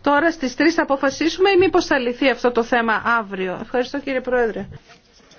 τώρα στις 3 θα αποφασίσουμε ή μήπως θα λυθεί αυτό το θέμα αύριο. Ευχαριστώ κύριε Πρόεδρε.